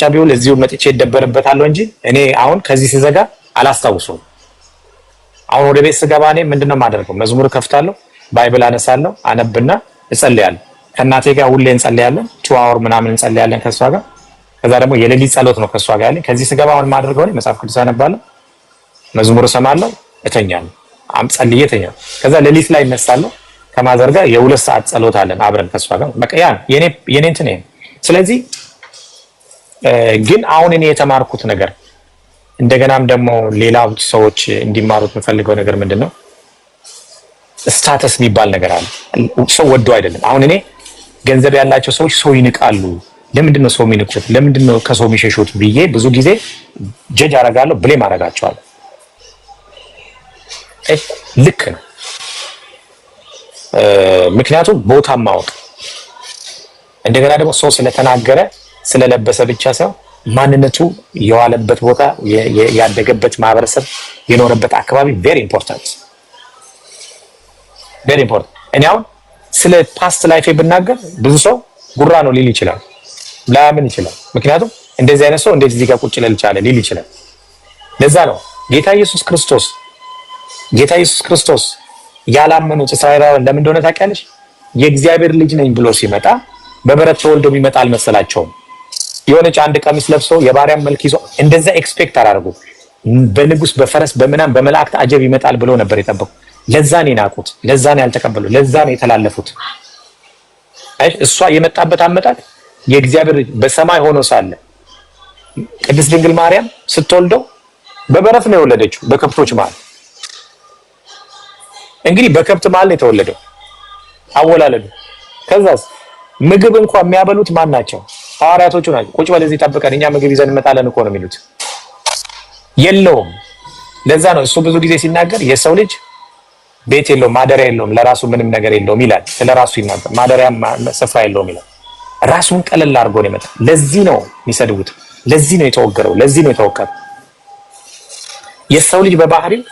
ጫ ቢሆን እዚሁ መጥቼ ይደበርበታለሁ እንጂ እኔ አሁን ከዚህ ሲዘጋ አላስታውሱም። አሁን ወደ ቤት ስገባ እኔ ምንድን ነው የማደርገው? መዝሙር ከፍታለሁ፣ ባይብል አነሳለሁ፣ አነብና እጸልያለሁ። ከእናቴ ጋር ሁሌ እንጸልያለን፣ ቱዋወር ምናምን እንጸልያለን ከእሷ ጋር። ከዛ ደግሞ የሌሊት ጸሎት ነው ከእሷ ጋር ያለኝ። ከዚህ ስገባ አሁን የማደርገው እኔ መጽሐፍ ቅዱስ አነባለሁ፣ መዝሙር እሰማለሁ፣ እተኛለሁ። ጸልዬ እተኛለሁ። ከዛ ሌሊት ላይ እነሳለሁ። ከማዘር ጋር የሁለት ሰዓት ጸሎት አለን አብረን ከእሷ ጋር። በቃ ያ የኔ እንትን ይሄ ስለዚህ ግን አሁን እኔ የተማርኩት ነገር እንደገናም ደግሞ ሌላ ሰዎች እንዲማሩት የምፈልገው ነገር ምንድን ነው? ስታተስ የሚባል ነገር አለ። ሰው ወዶ አይደለም። አሁን እኔ ገንዘብ ያላቸው ሰዎች ሰው ይንቃሉ። ለምንድን ነው ሰው የሚንቁት? ለምንድን ነው ከሰው የሚሸሹት ብዬ ብዙ ጊዜ ጀጅ አረጋለሁ፣ ብሌም አረጋቸዋለሁ። ልክ ነው። ምክንያቱም ቦታ ማወቅ እንደገና ደግሞ ሰው ስለተናገረ ስለለበሰ ብቻ ሳይሆን ማንነቱ የዋለበት ቦታ፣ ያደገበት ማህበረሰብ፣ የኖረበት አካባቢ ቬሪ ኢምፖርታንት ቬሪ ኢምፖርታንት። እኔ አሁን ስለ ፓስት ላይፌ ብናገር ብዙ ሰው ጉራ ነው ሊል ይችላል፣ ላምን ይችላል። ምክንያቱም እንደዚህ አይነት ሰው እንዴት እዚህ ጋር ቁጭ ልል ቻለ ሊል ይችላል። ለዛ ነው ጌታ ኢየሱስ ክርስቶስ ጌታ ኢየሱስ ክርስቶስ ያላመኑት እስራኤላውያን ለምን እንደሆነ ታውቂያለሽ? የእግዚአብሔር ልጅ ነኝ ብሎ ሲመጣ በበረት ተወልዶ የሚመጣ አልመሰላቸውም። የሆነች አንድ ቀሚስ ለብሶ የባሪያን መልክ ይዞ እንደዛ ኤክስፔክት አላደርጉ። በንጉስ በፈረስ በምናም በመላእክት አጀብ ይመጣል ብሎ ነበር የጠበቁ። ለዛ ነው የናቁት፣ ለዛ ነው ያልተቀበሉ፣ ለዛ ነው የተላለፉት። እሷ የመጣበት አመጣት የእግዚአብሔር በሰማይ ሆኖ ሳለ ቅድስት ድንግል ማርያም ስትወልደው በበረት ነው የወለደችው፣ በከብቶች መሀል። እንግዲህ በከብት መሀል የተወለደው አወላለዱ። ከዛስ ምግብ እንኳን የሚያበሉት ማን ናቸው? ሐዋርያቶቹ ናቸው። ቁጭ በል እዚህ ጠብቀን እኛ ምግብ ይዘን እንመጣለን እኮ ነው የሚሉት። የለውም። ለዛ ነው እሱ ብዙ ጊዜ ሲናገር የሰው ልጅ ቤት የለውም፣ ማደሪያ የለውም፣ ለራሱ ምንም ነገር የለውም ይላል። ለራሱ ይናገር ማደሪያ ስፍራ የለውም ይላል። ራሱን ቀለል አድርጎ ነው የመጣ። ለዚህ ነው የሚሰድቡት፣ ለዚህ ነው የተወገረው፣ ለዚህ ነው የተወቀረው። የሰው ልጅ በባህሪው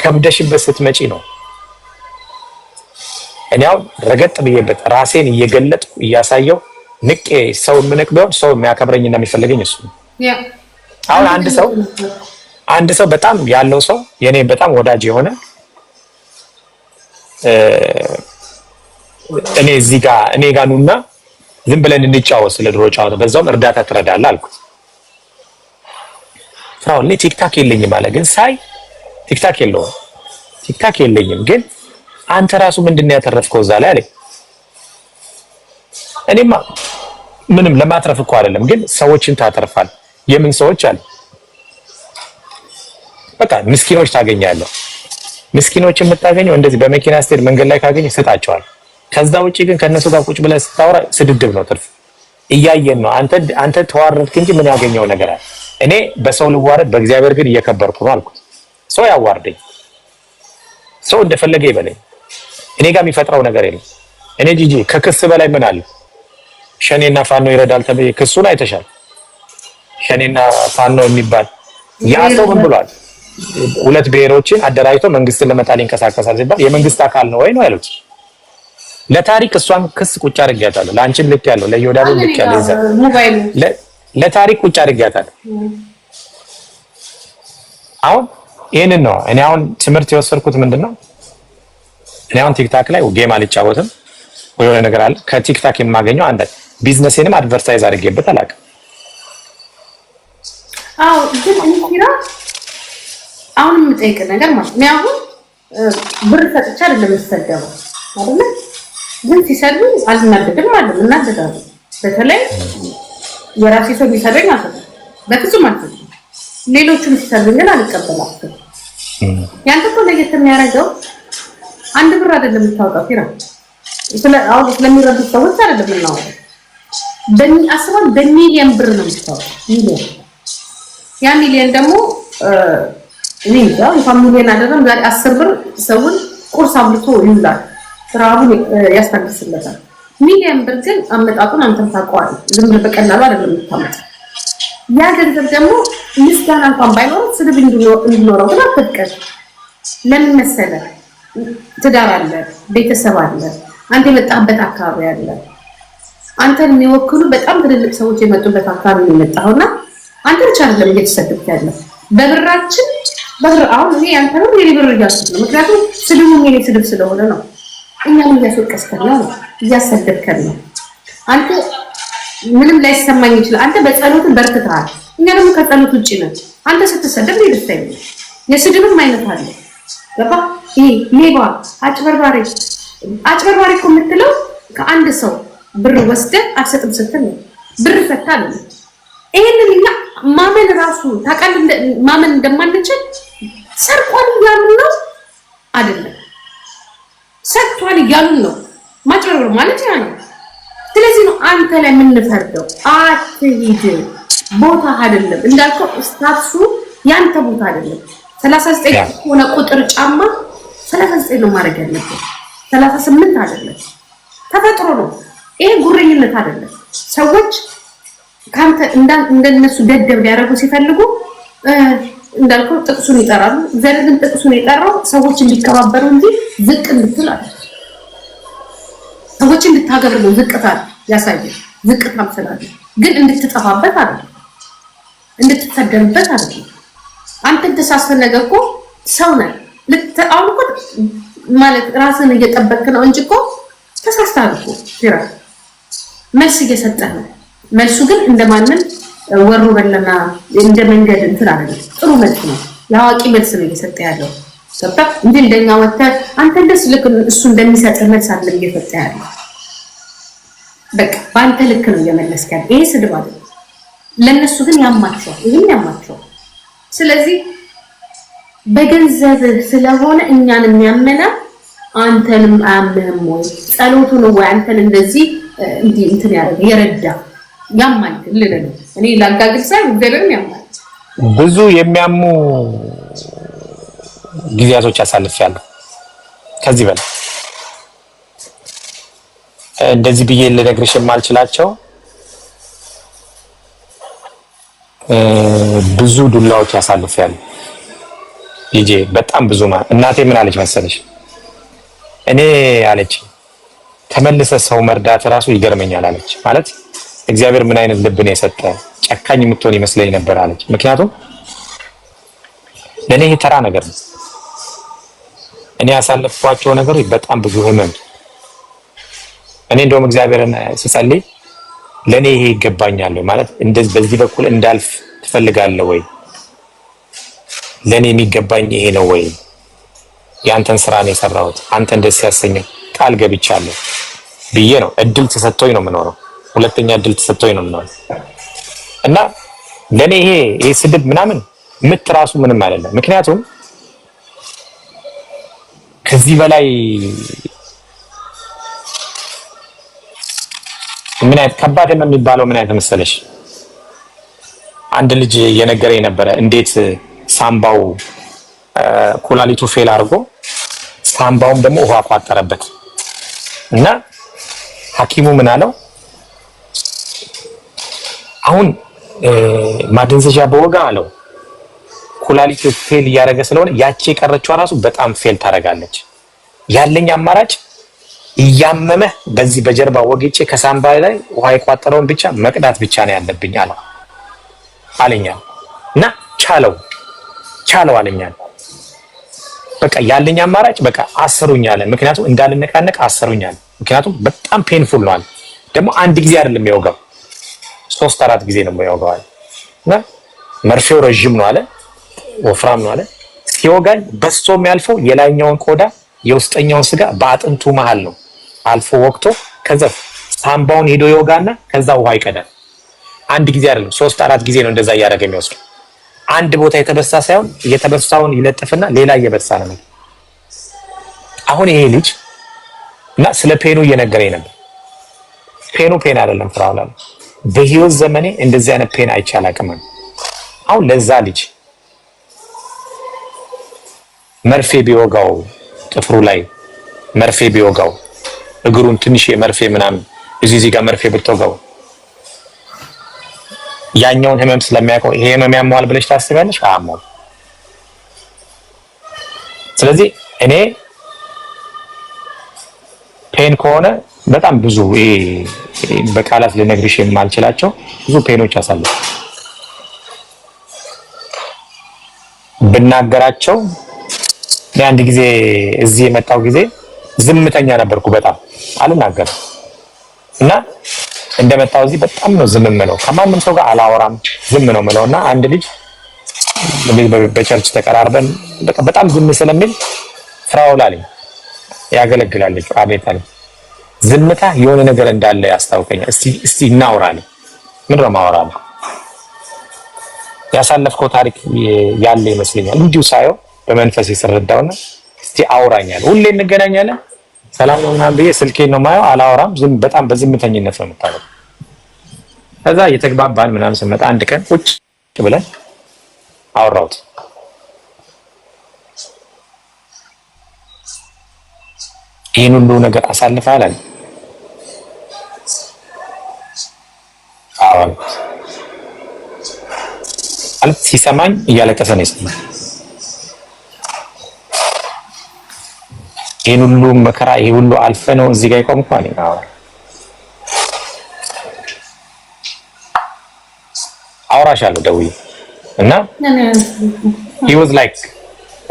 ከብደሽበት ስትመጪ ነው እኔ ረገጥ ብዬበት ራሴን እየገለጥኩ እያሳየው ንቄ ሰው የምንቅ ቢሆን ሰው የሚያከብረኝና የሚፈልገኝ እሱ አሁን አንድ ሰው አንድ ሰው በጣም ያለው ሰው የኔ በጣም ወዳጅ የሆነ እኔ እዚህ ጋ እኔ ጋ ኑና ዝም ብለን እንጫወት ስለ ድሮ ጨዋታ በዛውም እርዳታ ትረዳለህ አልኩት። ፍራውን እኔ ቲክታክ የለኝም አለ። ግን ሳይ ቲክታክ የለውም ቲክታክ የለኝም ግን አንተ ራሱ ምንድን ነው ያተረፍከው እዛ ላይ አለኝ። እኔማ ምንም ለማትረፍ እኮ አይደለም፣ ግን ሰዎችን ታተርፋል። የምን ሰዎች አለ በቃ ምስኪኖች ታገኛለህ። ምስኪኖች የምታገኘው እንደዚህ በመኪና ስትሄድ መንገድ ላይ ካገኘ ስጣቸዋል። ከዛ ውጭ ግን ከእነሱ ጋር ቁጭ ብለህ ስታወራ ስድድብ ነው ትርፍ። እያየን ነው። አንተ አንተ ተዋረድክ እንጂ ምን ያገኘው ነገር አለ? እኔ በሰው ልዋረድ፣ በእግዚአብሔር ግን እየከበርኩ ነው አልኩት። ሰው ያዋርደኝ፣ ሰው እንደፈለገ ይበለኝ፣ እኔ ጋር የሚፈጥረው ነገር የለም። እኔ ጂጂ ከክስ በላይ ምን አለው? ሸኔና ፋኖ ይረዳል ተብዬ ክሱን አይተሻል። ሸኔና ፋኖ የሚባል ያ ሰው ምን ብሏል? ሁለት ብሔሮችን አደራጅቶ መንግስትን ለመጣል ይንቀሳቀሳል ሲባል የመንግስት አካል ነው ወይ ነው ያሉት። ለታሪክ እሷን ክስ ቁጭ አድርጊያታለሁ። ለአንቺም ልክ ያለው ለዮዳብ ልክ ያለው ይዛ ለታሪክ ቁጭ አድርጊያታለሁ። አሁን ይህንን ነው እኔ አሁን ትምህርት የወሰድኩት ምንድን ነው እኔ አሁን ቲክታክ ላይ ጌም አልጫወትም የሆነ ነገር አለ ከቲክታክ የማገኘው አንዳንድ ቢዝነሴንም አድቨርታይዝ አድርጌበት አላውቅም። አዎ ግን እንኪራ አሁን የምጠይቅ ነገር ማለት ነው። አሁን ብር ሰጥቼ አይደለም የምትሰደበው አይደለ? ግን ሲሰዱ አልናደድም አለ እናደዳሉ። በተለይ የራሴ ሰው ቢሰደኝ አለ፣ በፍጹም አለ። ሌሎቹን ሲሰዱኝ ግን አልቀበላቸውም። ያንተ ሰው ለየት የሚያደርገው አንድ ብር አይደለም የምታወጣው ኪራ፣ ስለሚረዱት ሰዎች አይደለም የምናወጣው አስባል በሚሊየን ብር ነው የሚታወቀው። ሚሊየን ያ ሚሊየን ደግሞ እኔ እንጃ እንኳን ሚሊየን አይደለም፣ ዛሬ አስር ብር ሰውን ቁርስ አብልቶ ይውላል፣ ስራውን ያስታግስለታል። ሚሊየን ብር ግን አመጣጡን አንተም ታውቀዋለህ። ዝም ብለህ በቀላሉ አይደለም የምታመጣው። ያ ገንዘብ ደግሞ ምስጋና እንኳን ባይኖር ስድብ እንዲኖረው ግን አትጥቀል። ለምን መሰለህ? ትዳር አለ፣ ቤተሰብ አለ፣ አንተ የመጣህበት አካባቢ አለ አንተን የሚወክሉ በጣም ትልልቅ ሰዎች የመጡበት አካባቢ ነው የመጣኸው እና አንተ ብቻ አይደለም እየተሰደብክ ያለው በብራችን ብር አሁን እኔ አንተ ነው የኔ ብር እያስብ ነው። ምክንያቱም ስድቡም የኔ ስድብ ስለሆነ ነው። እኛም እያስወቀስከን ነው፣ እያሰደብከን ነው። አንተ ምንም ላይሰማኝ ይችላል። አንተ በጸሎትን በርትተሃል፣ እኛ ደግሞ ከጸሎት ውጭ ነን። አንተ ስትሰደብ እኔ የስድብም አይነት አለ። ገባ? ይሄ ሌባ፣ አጭበርባሪ አጭበርባሪ እኮ የምትለው ከአንድ ሰው ብር ወስደ አልሰጥም ስትል ነው ብር ፈታ ነው። ይሄንን እኛ ማመን ራሱ ታውቃለህ፣ ማመን እንደማንችል ሰርቋል እያሉን ነው አይደለም፣ ሰርቷል እያሉን ነው። ማጭበርበር ማለት ያ ነው። ስለዚህ ነው አንተ ላይ የምንፈርደው። አትሂድ፣ ቦታ አይደለም እንዳልከው፣ ስታትሱ ያንተ ቦታ አይደለም። 39 ሆነ ቁጥር ጫማ 39 ነው ማድረግ ያለብን 38 አይደለም። ተፈጥሮ ነው። ይሄ ጉረኝነት አይደለም። ሰዎች ካንተ እንደነሱ ደደብ ሊያደርጉ ሲፈልጉ እንዳልከው ጥቅሱን ይጠራሉ። እግዚአብሔር ጥቅሱን የጠራው ሰዎች እንዲከባበሩ እንጂ ዝቅ እንድትል አለ። ሰዎች እንድታገር ነው። ዝቅታ ያሳየ ዝቅታ ስላለ ግን እንድትጠፋበት አለ፣ እንድትፈደምበት አለ። አንተ ተሳስተን ነገር እኮ ሰው ነህ። አሁን ማለት ራስን እየጠበቅክ ነው እንጂ እኮ ተሳስተሃል እኮ መልስ እየሰጠ ነው። መልሱ ግን እንደማንም ወሩ በለና እንደ መንገድ እንትን አለ። ጥሩ መልስ ነው፣ የአዋቂ መልስ ነው እየሰጠ ያለው ሰጣ እንዴ እንደኛ ወተ አንተ ደስ ልክ እሱ እንደሚሰጥ መልስ አለ እየሰጠ ያለው በቃ በአንተ ልክ ነው እየመለስክ ያለው። ይሄ ስድብ አይደለም፣ ለነሱ ግን ያማቸዋል፣ ይህም ያማቸዋል። ስለዚህ በገንዘብ ስለሆነ እኛን የሚያመና አንተንም አያምንም ወይ ጸሎቱን ወይ አንተን እንደዚህ እንዲህ እንትን ያደረገ የረዳ ያማል ልልህ እኔ ላጋግል ሳይሆን እግዚአብሔርም ያማል። ብዙ የሚያሙ ጊዜያቶች አሳልፌያለሁ። ከዚህ በላይ እንደዚህ ብዬ ልነግርሽ የማልችላቸው ብዙ ዱላዎች አሳልፌያለሁ። በጣም ብዙ እናቴ ምን አለች መሰለሽ? እኔ አለች ተመልሰ ሰው መርዳት ራሱ ይገርመኛል አለች። ማለት እግዚአብሔር ምን አይነት ልብን የሰጠ ጨካኝ የምትሆን ይመስለኝ ነበር አለች። ምክንያቱም ለእኔ ይሄ ተራ ነገር ነው። እኔ ያሳለፍኳቸው ነገሮች በጣም ብዙ ህመም። እኔ እንደውም እግዚአብሔርን ስጸልይ ለእኔ ይሄ ይገባኛል ማለት እንደዚህ በዚህ በኩል እንዳልፍ ትፈልጋለህ ወይ? ለእኔ የሚገባኝ ይሄ ነው ወይ? የአንተን ስራ ነው የሰራሁት። አንተ ደስ ያሰኘ ቃል ገብቻለሁ። ብዬ ነው። እድል ተሰጥቶኝ ነው የምኖረው። ሁለተኛ እድል ተሰጥቶኝ ነው የምኖረው እና ለእኔ ይሄ ይሄ ስድብ ምናምን ምት ራሱ ምንም አይደለም። ምክንያቱም ከዚህ በላይ ምን አይነት ከባድ የሚባለው ምን አይነት መሰለሽ፣ አንድ ልጅ የነገረኝ ነበረ እንዴት ሳምባው ኩላሊቱ ፌል አድርጎ ሳምባውም ደግሞ ውሃ ቋጠረበት እና ሐኪሙ ምን አለው? አሁን ማደንዘዣ በወጋ አለው ኩላሊት ፌል እያደረገ ስለሆነ ያቺ የቀረችዋ ራሱ በጣም ፌል ታደርጋለች። ያለኝ አማራጭ እያመመህ በዚህ በጀርባ ወግቼ ከሳምባ ላይ ውሃ የቋጠረውን ብቻ መቅዳት ብቻ ነው ያለብኝ አለው አለኛ እና ቻለው ቻለው አለኛ። በቃ ያለኝ አማራጭ በቃ አስሩኝ ምክንያቱም እንዳልነቃነቅ አስሩኝ ምክንያቱም በጣም ፔንፉል ነዋል። ደግሞ አንድ ጊዜ አይደለም የሚወጋው ሶስት አራት ጊዜ ነው የሚወጋዋል። እና መርፌው ረዥም ነው አለ ወፍራም ነው አለ። ሲወጋኝ በሶ የሚያልፈው የላይኛውን ቆዳ የውስጠኛውን ስጋ በአጥንቱ መሀል ነው አልፎ ወቅቶ ከዛ ሳምባውን ሄዶ ይወጋና ከዛ ውሃ ይቀዳል። አንድ ጊዜ አይደለም ሶስት አራት ጊዜ ነው እንደዛ እያደረገ የሚወስዱ። አንድ ቦታ የተበሳ ሳይሆን የተበሳውን ይለጥፍና ሌላ እየበሳ ነው። አሁን ይሄ ልጅ እና ስለ ፔኑ እየነገረኝ ነበር። ፔኑ ፔን አይደለም ፍራውላ፣ በህይወት ዘመኔ እንደዚህ አይነት ፔን አይቼ አላውቅም። አሁን ለዛ ልጅ መርፌ ቢወጋው ጥፍሩ ላይ መርፌ ቢወጋው እግሩን ትንሽ መርፌ ምናምን እዚህ እዚህ ጋር መርፌ ብትወጋው ያኛውን ህመም ስለሚያውቀው ይሄ ህመም ያመዋል ብለሽ ታስቢያለሽ? አያመውም። ስለዚህ እኔ ፔን ከሆነ በጣም ብዙ በቃላት ልነግርሽ የማልችላቸው ብዙ ፔኖች አሳለፍ ብናገራቸው የአንድ ጊዜ እዚህ የመጣው ጊዜ ዝምተኛ ነበርኩ። በጣም አልናገርም እና እንደመጣው እዚህ በጣም ነው ዝም ምለው፣ ከማንም ሰው ጋር አላወራም፣ ዝም ነው ምለው እና አንድ ልጅ በቸርች ተቀራርበን በጣም ዝም ስለሚል ፍራውል አለኝ ያገለግላለች። አቤት አለ። ዝምታ የሆነ ነገር እንዳለ ያስታውቀኛል። እስቲ እናውራለ። ምን ነው ማውራለ ያሳለፍከው ታሪክ ያለ ይመስለኛል። እንዲሁ ሳየው በመንፈስ የተረዳውና እስቲ አውራኛል። ሁሌ እንገናኛለን። ሰላም ነው ምናምን ብዬ ስልኬን ነው ማየው። አላወራም። ዝም በጣም በዝምተኝነት ነው የምታለው። ከዛ እየተግባባን ምናምን ስንመጣ አንድ ቀን ቁጭ ብለን አወራሁት። ይህን ሁሉ ነገር አሳልፈ አላል። አሁን ሲሰማኝ እያለቀሰ ነው የሰማኝ። ይህን ሁሉ መከራ ይህ ሁሉ አልፈ ነው እዚህ ጋር ይቆም እኳ አውራሽ አለ ደውዬ እና he was like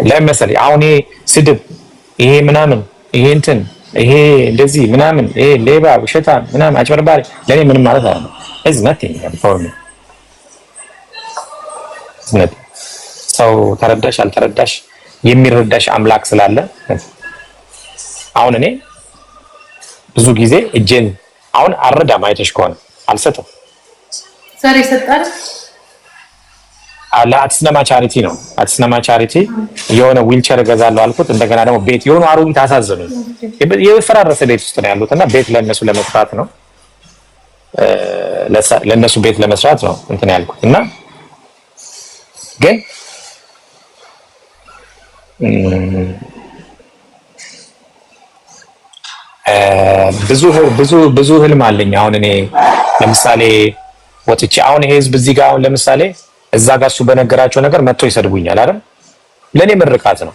ለምን አሁን ይሄ ስድብ ይሄ ምናምን ይሄ እንትን ይሄ እንደዚህ ምናምን ይሄ ሌባ ውሸታ ምናምን አጭበርባሪ ለእኔ ምንም ማለት አለ ኢዝ ናቲንግ ፎር ሚ ሰው ተረዳሽ አልተረዳሽ የሚረዳሽ አምላክ ስላለ አሁን እኔ ብዙ ጊዜ እጄን አሁን አረዳ አይተሽ ከሆነ አልሰጥም። ዛሬ ሰጣል ለአዲስነማ ቻሪቲ ነው። አዲስነማ ቻሪቲ የሆነ ዊልቸር እገዛለሁ አልኩት። እንደገና ደግሞ ቤት የሆኑ አሮጊት አሳዘኑኝ። የፈራረሰ ቤት ውስጥ ነው ያሉት እና ቤት ለእነሱ ለመስራት ነው ለእነሱ ቤት ለመስራት ነው እንትን ያልኩት እና ግን ብዙ ብዙ ብዙ ህልም አለኝ። አሁን እኔ ለምሳሌ ወጥቼ አሁን ይሄ ህዝብ እዚህ ጋር አሁን ለምሳሌ እዛ ጋር እሱ በነገራቸው ነገር መጥቶ ይሰድቡኛል አይደል? ለእኔ ምርቃት ነው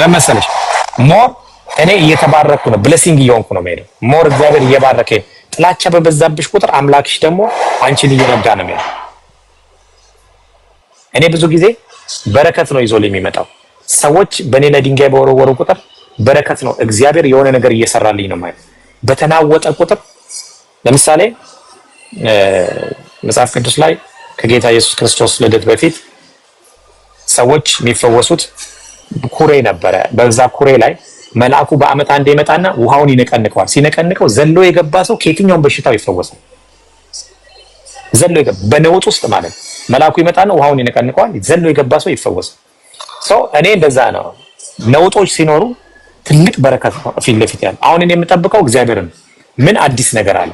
ለመሰለሽ ሞር እኔ እየተባረኩ ነው፣ ብለሲንግ እየሆንኩ ነው የምሄደው። ሞር እግዚአብሔር እየባረከ ጥላቻ በበዛብሽ ቁጥር አምላክሽ ደግሞ አንቺን እየረዳ ነው የሚሄደው። እኔ ብዙ ጊዜ በረከት ነው ይዞልኝ የሚመጣው። ሰዎች በእኔ ላይ ድንጋይ በወረወሩ ቁጥር በረከት ነው እግዚአብሔር የሆነ ነገር እየሰራልኝ ነው ማለት። በተናወጠ ቁጥር ለምሳሌ መጽሐፍ ቅዱስ ላይ ከጌታ ኢየሱስ ክርስቶስ ልደት በፊት ሰዎች የሚፈወሱት ኩሬ ነበረ። በዛ ኩሬ ላይ መልአኩ በአመት አንድ ይመጣና ውሃውን ይነቀንቀዋል። ሲነቀንቀው ዘሎ የገባ ሰው ከየትኛውም በሽታው ይፈወሳል። ዘሎ የገባ በነውጥ ውስጥ ማለት መልአኩ ይመጣና ውሃውን ይነቀንቀዋል። ዘሎ የገባ ሰው ይፈወሳል። ሰው እኔ እንደዛ ነው። ነውጦች ሲኖሩ ትልቅ በረከት ፊት ለፊት ያለ አሁን እኔ የምጠብቀው እግዚአብሔርን ምን አዲስ ነገር አለ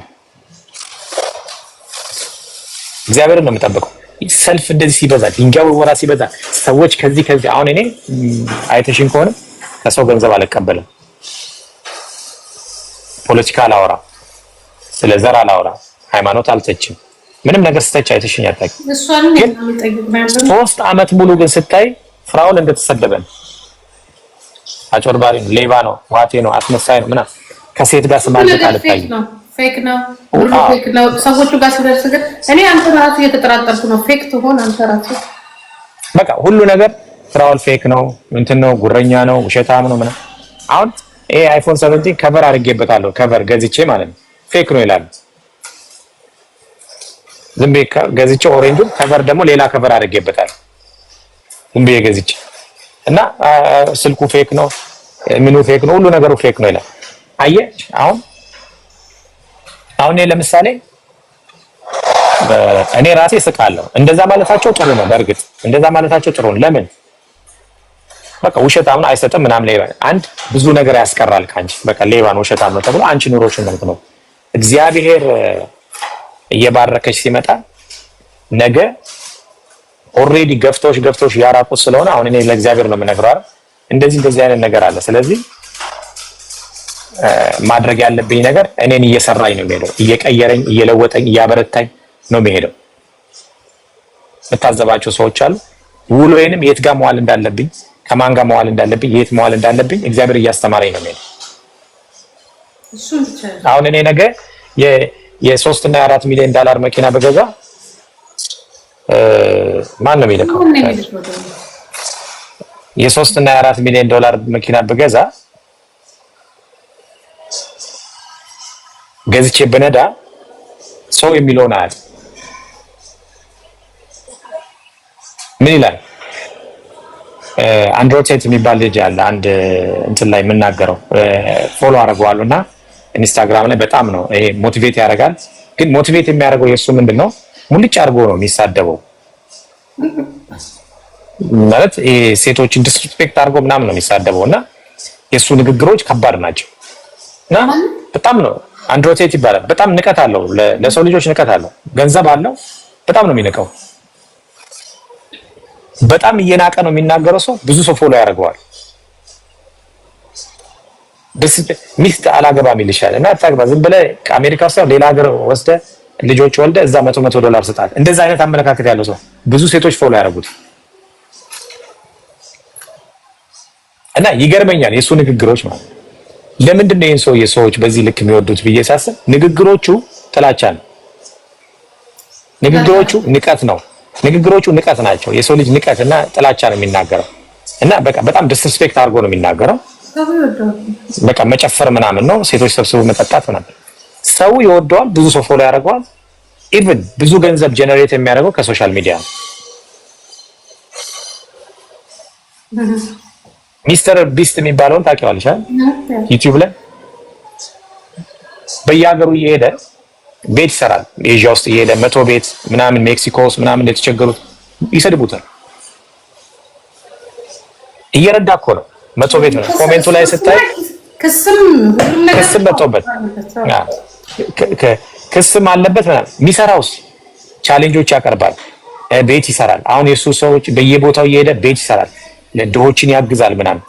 እግዚአብሔርን ነው የምጠብቀው። ሰልፍ እንደዚህ ሲበዛ ድንጋይ ወራ ሲበዛ ሰዎች ከዚህ ከዚህ አሁን እኔ አይተሽን ከሆነ ከሰው ገንዘብ አልቀበልም። ፖለቲካ አላወራ፣ ስለ ዘር አላወራ፣ ሃይማኖት አልተችም። ምንም ነገር ስተች አይተሽኝ አታውቂም። ሶስት አመት ሙሉ ግን ስታይ ፍራውን እንደተሰደበ ነው። አጭበርባሪ ነው፣ ሌባ ነው፣ ዋቴ ነው፣ አስመሳይ ነው ምናምን ከሴት ጋር ስማልታ አልታይም ፌክ ነው ፌክ ነው። ሰዎቹ ጋር ሲደርስ ግን እኔ አንተ ራሱ እየተጠራጠርኩ ነው። ፌክ ትሆን አንተ ራሱ በቃ ሁሉ ነገር ስራውን ፌክ ነው እንትን ነው ጉረኛ ነው ውሸታም ነው ምናምን። አሁን ይሄ አይፎን ሰቨንቲን ከቨር አድርጌበታለሁ ከቨር ገዝቼ ማለት ነው። ፌክ ነው ይላሉ። ዝም ብዬ ገዝቼ ኦሬንጁን ከቨር ደግሞ ሌላ ከቨር አድርጌበታለሁ። ዝም ብዬ ገዝቼ እና ስልኩ ፌክ ነው ምኑ ፌክ ነው ሁሉ ነገሩ ፌክ ነው ይላል። አየህ አሁን አሁን ለምሳሌ እኔ ራሴ ስቃለሁ። እንደዛ ማለታቸው ጥሩ ነው። በእርግጥ እንደዛ ማለታቸው ጥሩ ነው። ለምን በቃ ውሸታም ነው አይሰጥም ምናምን ሌባ አንድ ብዙ ነገር ያስቀራል ከአንቺ በቃ ሌባ ነው ውሸታም ነው ተብሎ አንቺ ኑሮሽን ማለት ነው። እግዚአብሔር እየባረከች ሲመጣ ነገ ኦሬዲ ገፍቶች ገፍቶች ያራቁት ስለሆነ አሁን እኔ ለእግዚአብሔር ነው የምነግረው አይደል እንደዚህ እንደዚህ አይነት ነገር አለ። ስለዚህ ማድረግ ያለብኝ ነገር እኔን እየሰራኝ ነው የሚሄደው፣ እየቀየረኝ፣ እየለወጠኝ፣ እያበረታኝ ነው የሚሄደው። የምታዘባቸው ሰዎች አሉ። ውሎዬንም የት ጋር መዋል እንዳለብኝ፣ ከማን ጋር መዋል እንዳለብኝ፣ የት መዋል እንዳለብኝ እግዚአብሔር እያስተማረኝ ነው የሚሄደው። አሁን እኔ ነገ የሶስት እና የአራት ሚሊዮን ዶላር መኪና በገዛ ማን ነው የሚልከው? የሶስት እና የአራት ሚሊዮን ዶላር መኪና በገዛ ገዝቼ ብነዳ ሰው የሚለውን አያል ምን ይላል? አንድሮቴት የሚባል ልጅ አለ አንድ እንትን ላይ የምናገረው ፎሎ አድርገዋሉ እና ኢንስታግራም ላይ በጣም ነው ይሄ ሞቲቬት ያደርጋል። ግን ሞቲቬት የሚያደርገው የእሱ ምንድን ነው? ሙልጭ አድርጎ ነው የሚሳደበው። ማለት ሴቶችን ዲስሪስፔክት አድርጎ ምናምን ነው የሚሳደበው እና የእሱ ንግግሮች ከባድ ናቸው እና በጣም ነው አንድሮቴት ይባላል። በጣም ንቀት አለው፣ ለሰው ልጆች ንቀት አለው። ገንዘብ አለው፣ በጣም ነው የሚንቀው። በጣም እየናቀ ነው የሚናገረው። ሰው ብዙ ሰው ፎሎ ያደርገዋል። ሚስት አላገባም ይልሻል እና አታግባ፣ ዝም ብለህ ከአሜሪካ ውስጥ ሌላ ሀገር ወስደ ልጆች ወልደ እዛ መቶ መቶ ዶላር ስጣል። እንደዛ አይነት አመለካከት ያለው ሰው ብዙ ሴቶች ፎሎ ያደርጉት እና ይገርመኛል የእሱ ንግግሮች ማለት ለምንድን ነው ይህን ሰውዬ ሰዎች በዚህ ልክ የሚወዱት ብዬ ሳስብ ንግግሮቹ ጥላቻ ነው። ንግግሮቹ ንቀት ነው። ንግግሮቹ ንቀት ናቸው። የሰው ልጅ ንቀት እና ጥላቻ ነው የሚናገረው እና በቃ በጣም ዲስሪስፔክት አድርጎ ነው የሚናገረው። በቃ መጨፈር ምናምን ነው፣ ሴቶች ሰብስቦ መጠጣት ምናምን። ሰው ይወደዋል፣ ብዙ ሰው ፎሎ ያደርገዋል። ኢቭን ብዙ ገንዘብ ጀነሬት የሚያደርገው ከሶሻል ሚዲያ ነው። ሚስተር ቢስት የሚባለውን ታውቂዋለሽ? ዩቲዩብ ላይ በየሀገሩ እየሄደ ቤት ይሰራል። ኤዥያ ውስጥ እየሄደ መቶ ቤት ምናምን ሜክሲኮ ውስጥ ምናምን የተቸገሩት ይሰድቡታል። እየረዳ እኮ ነው። መቶ ቤት ነው። ኮሜንቱ ላይ ስታይ ክስም መጥቶበት ክስም አለበት ምናምን። የሚሰራውስ ቻሌንጆች ያቀርባል፣ ቤት ይሰራል። አሁን የእሱ ሰዎች በየቦታው እየሄደ ቤት ይሰራል። ድሆችን ያግዛል ምናምን።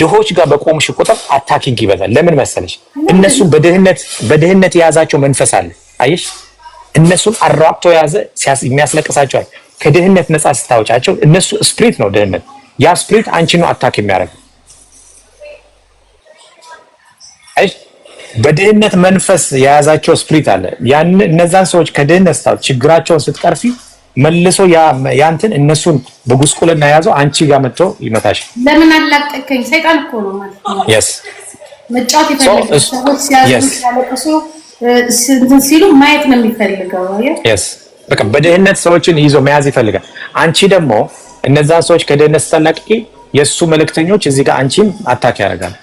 ድሆች ጋር በቆምሽ ቁጥር አታኪንግ ይበዛል። ለምን መሰለሽ? እነሱ በድህነት በድህነት የያዛቸው መንፈስ አለ። አየሽ፣ እነሱም አራቅቶ የያዘ የሚያስለቅሳቸዋል። ከድህነት ነፃ ስታወጫቸው እነሱ ስፕሪት ነው ድህነት። ያ ስፕሪት አንቺ ነው አታክ የሚያደርግ በድህነት መንፈስ የያዛቸው ስፕሪት አለ። ያን እነዛን ሰዎች ከድህነት ስታወጭ ችግራቸውን ስትቀርፊ መልሶ ያንትን እነሱን በጉስቁልና የያዘው አንቺ ጋር መጥቶ ይመታሽ። ለምን አላቀቀኝ? ሰይጣን እኮ ነው ማለት ነው። መጫወት ይፈልጋል። ሰዎች ሲያለቅሱ እንትን ሲሉ ማየት ነው የሚፈልገው። በቃ በድህነት ሰዎችን ይዞ መያዝ ይፈልጋል። አንቺ ደግሞ እነዛን ሰዎች ከድህነት ስታላቅቂ የእሱ መልእክተኞች እዚህ ጋር አንቺም አታክ ያደርጋል።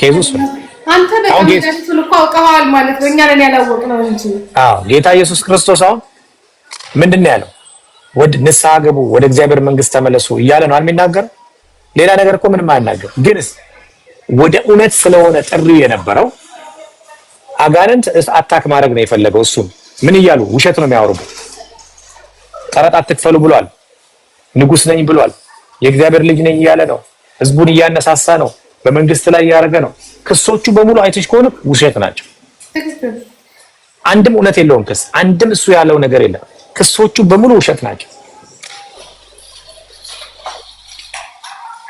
ኬዙስ አንተ በጣም እኮ ማለት ነው። እኛ ነን ያላወቅነው እንጂ ጌታ ኢየሱስ ክርስቶስ አሁን ምንድን ነው ያለው? ወደ ንስሐ ግቡ፣ ወደ እግዚአብሔር መንግስት ተመለሱ እያለ ነው የሚናገር? ሌላ ነገር እኮ ምንም አያናገርም። ግንስ ወደ እውነት ስለሆነ ጥሪው የነበረው አጋንንት አታክ ማድረግ ነው የፈለገው። እሱም ምን እያሉ ውሸት ነው የሚያወሩበት። ቀረጥ አትክፈሉ ብሏል። ንጉስ ነኝ ብሏል። የእግዚአብሔር ልጅ ነኝ እያለ ነው። ህዝቡን እያነሳሳ ነው። በመንግስት ላይ እያደረገ ነው። ክሶቹ በሙሉ አይተሽ ከሆነ ውሸት ናቸው። አንድም እውነት የለውም ክስ። አንድም እሱ ያለው ነገር የለም። ክሶቹ በሙሉ ውሸት ናቸው።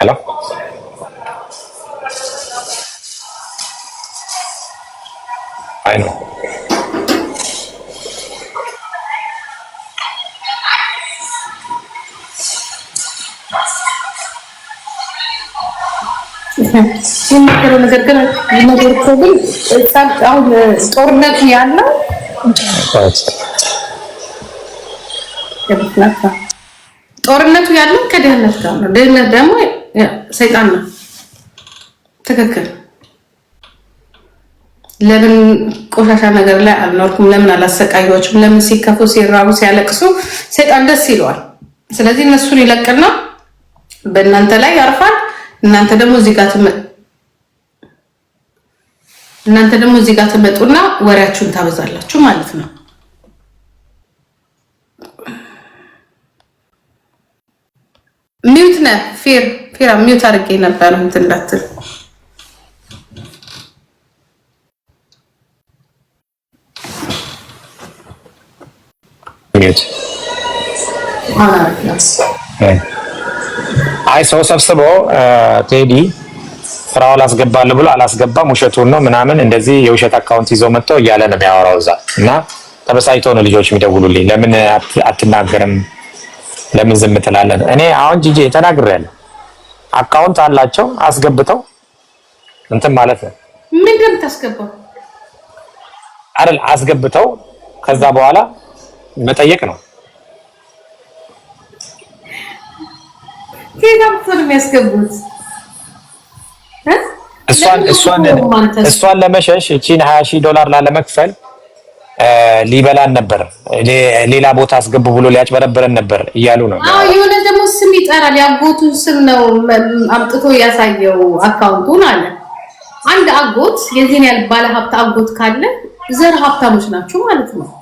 ሄሎ አይ ነው የሚነገረው ነገር ግን ነገር ግን አሁን ጦርነት ያለው ጦርነቱ ያለው ከድህነት ጋር ነው። ድህነት ደግሞ ሰይጣን ነው። ትክክል። ለምን ቆሻሻ ነገር ላይ አልኖርኩም? ለምን አላሰቃያችሁም? ለምን ሲከፉ፣ ሲራቡ፣ ሲያለቅሱ ሰይጣን ደስ ይለዋል። ስለዚህ እነሱን ይለቅና በእናንተ ላይ ያርፋል። እናንተ ደግሞ እዚህ ጋር እናንተ ደግሞ እዚህ ጋር ትመጡና ወሬያችሁን ታበዛላችሁ ማለት ነው። ሚውት ነ ፌር ፌራ ሚውት አድርጌ ነበር እንትን እንዳትል አይ ሰው ሰብስቦ ቴዲ ስራው አላስገባልህ ብሎ አላስገባም፣ ውሸቱን ነው ምናምን እንደዚህ የውሸት አካውንት ይዞ መጥቶ እያለ ነው የሚያወራው እዛ እና ተበሳጭቶ ነው ልጆች የሚደውሉልኝ ለምን አትናገርም ለምን ዝም ትላለህ? እኔ አሁን ጂጂ ተናግሬያለሁ። አካውንት አላቸው አስገብተው እንትን ማለት ነው። ምን ገብ የምታስገባው አይደል? አስገብተው ከዛ በኋላ መጠየቅ ነው። የሚያስገቡት እሷን ለመሸሽ እቺን ሀያ ሺህ ዶላር ላለመክፈል ሊበላን ነበር፣ ሌላ ቦታ አስገቡ ብሎ ሊያጭበረብረን ነበር እያሉ ነው። የሆነ ደግሞ ስም ይጠራል፣ ያጎቱ ስም ነው አምጥቶ ያሳየው አካውንቱን አለ። አንድ አጎት የዚህን ያህል ሀብት አጎት ካለ ዘር ሀብታሞች ናቸው ማለት ነው።